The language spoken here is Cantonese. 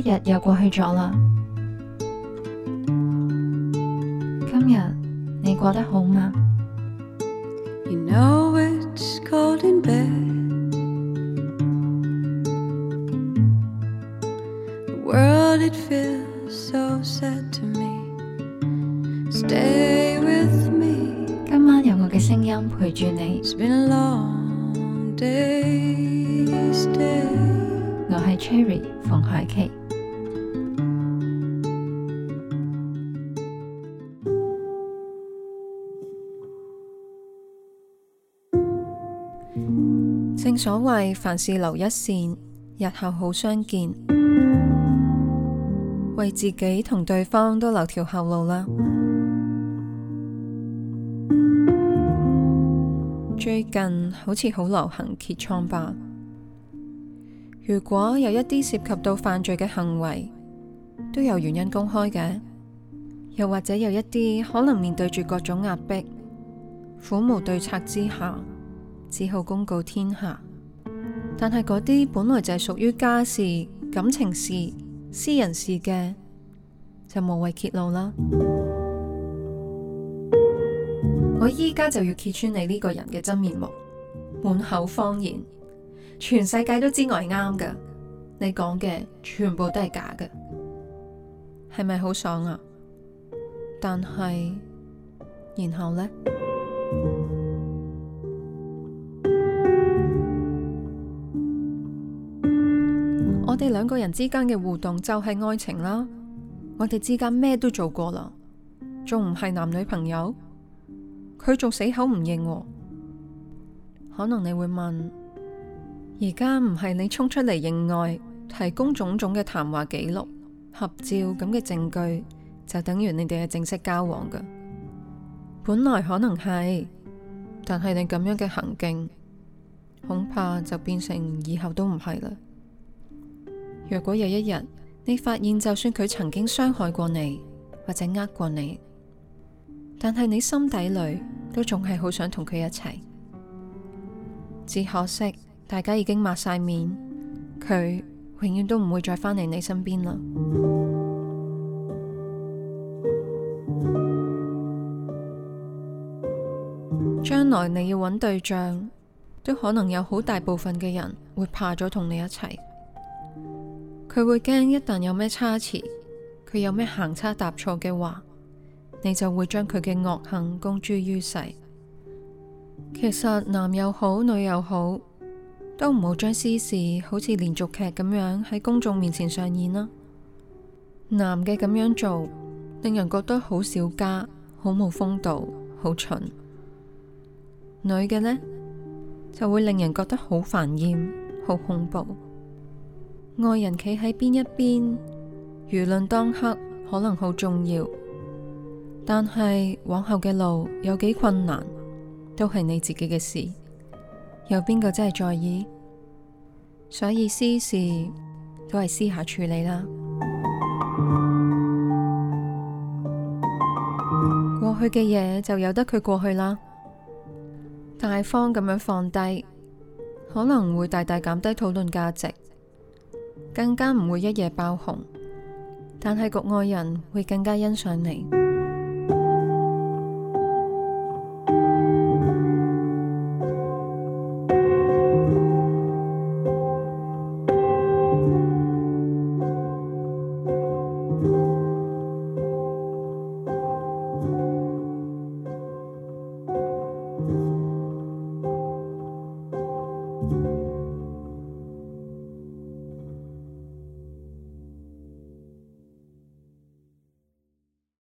一日又過去咗啦，今日你過得好嗎？今晚有我嘅聲音陪住你。It's been long days, stay. 我係 Cherry 馮凱淇。正所謂凡事留一線，日後好相見。為自己同對方都留條後路啦。最近好似好流行揭瘡疤。如果有一啲涉及到犯罪嘅行為，都有原因公開嘅，又或者有一啲可能面對住各種壓迫，苦無對策之下，只好公告天下，但係嗰啲本來就係屬於家事、感情事、私人事嘅，就無謂揭露啦。 我依家就要揭穿你呢個人嘅真面目，滿口謊言，全世界都知我係啱嘅，你講嘅全部都係假嘅，係咪好爽啊？但係，然後呢？我哋兩個人之間嘅互動就係愛情啦，我哋之間咩都做過啦，仲唔係男女朋友？佢仲死口唔認哦。可能你會問：而家唔係你衝出嚟認愛，提供種種嘅談話記錄、合照咁嘅證據，就等於你哋係正式交往㗎？本來可能係，但係你咁樣嘅行徑，恐怕就變成以後都唔係啦。若果有一日，你發現就算佢曾經傷害過你，或者呃過你，但係你心底裏都仲係好想同佢一齊，只可惜大家已經抹晒面，佢永遠都唔會再返嚟你身邊啦。將來你要揾對象，都可能有好大部分嘅人會怕咗同你一齊。佢會驚一旦有咩差池，佢有咩行差踏錯嘅話，你就會將佢嘅惡行公諸於世。其實男又好，女又好，都唔好將私事好似連續劇咁樣喺公眾面前上演啦。男嘅咁樣做，令人覺得好小家、好冇風度、好蠢；女嘅呢，就會令人覺得好煩厭、好恐怖。外人企喺邊一邊，輿論當刻可能好重要，但係往後嘅路有幾困難，都係你自己嘅事，有邊個真係在意？所以私事都係私下處理啦。過去嘅嘢就由得佢過去啦，大方咁樣放低，可能會大大減低討論價值。更加唔會一夜爆紅，但係局外人會更加欣賞你。